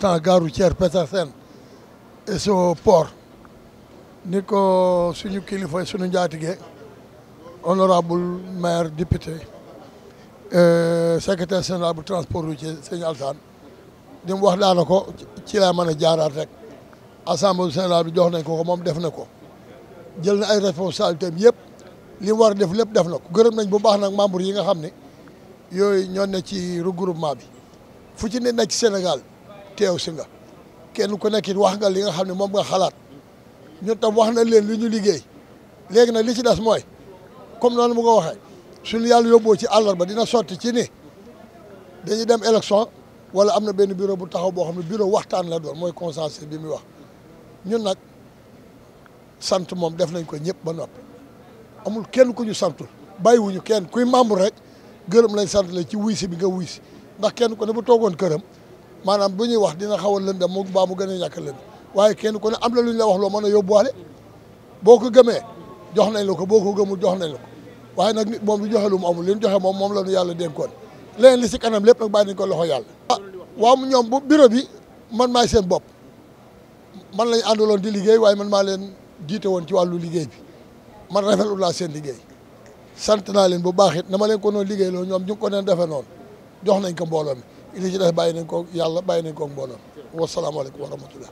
temps gare routière Petersen et so port ni ko suñu kilifa suñu njaatige honorable maire député euh, secrétaire général bu transport routier sëñ Alsane li mu wax daana ko ci laa mën a jaaraat rek assemblée générale bi jox nañ ko moom def na ko jël na ay responsabilités yëpp li war a def lépp def na ko gërëm nañ bu baax nag membre yi nga xam ni yooyu ñoo ne ci regroupement bi fu ci ne nekk ci Sénégal teew si nga kenn ku nekk wax nga li nga xam ne moom nga xalaat ñun tam wax na leen li ñu liggéey léegi nag li ci des mooy comme noonu mu ko waxee suñu yàlla yóbboo ci ba dina sotti ci ni dañuy dem élection wala am na benn bureau bu taxaw boo xam ne bureau waxtaan la door mooy consensus bi muy wax ñun nag sant moom def nañ ko ñëpp ba noppi amul kenn ku ñu santul bàyyiwuñu kenn kuy membre rek gërëm lañ sant la ci wuy bi nga wuy si ndax kenn ku ne bu toogoon këram maanaam bu ñuy wax dina xaw a lëndam mu baa mu gën a ñàkk lënd waaye kenn ku ne am na lu ñu la wax loo mën a yóbbuwaale boo ko gëmee jox nañ la ko boo ko gëmul jox nañ la ko waaye nag nit moom du joxe lu mu amul li joxe moom moom la ñu yàlla dénkoon leneen li si kanam lépp nag bàyyi nañ ko loxo yàlla ah, waaw ñoom bu bureau bi man maay seen bopp man lañ àndaloon di liggéey waaye man maa leen jiite woon ci wàllu liggéey bi man rafetlu laa seen liggéey sant naa leen bu baax it na ma leen ko noonu liggéey loolu ñoom ñu ngi ko neen defe noonu jox nañ ko mi li ci des bàyyi nañ ko yàlla bàyyi nañ ko mbooloo wasalaamaaleykum wa rahmatullah